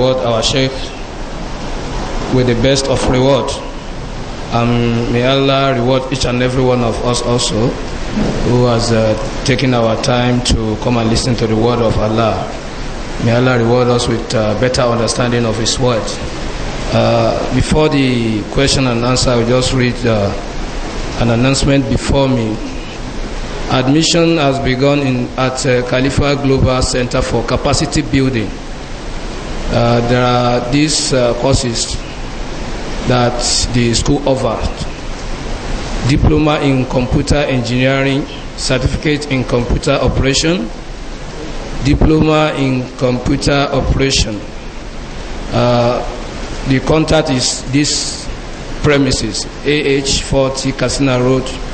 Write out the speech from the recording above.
reward our Sheikh with the best of reward. Um, may Allah reward each and every one of us also who has uh, taken our time to come and listen to the word of Allah. May Allah reward us with uh, better understanding of His word. Uh, before the question and answer, I will just read uh, an announcement before me. Admission has begun in, at uh, Khalifa Global Center for Capacity Building uh, there are these uh, courses that the school offers diploma in computer engineering certificate in computer operation diploma in computer operation uh, the contact is this premises ah 40 casino road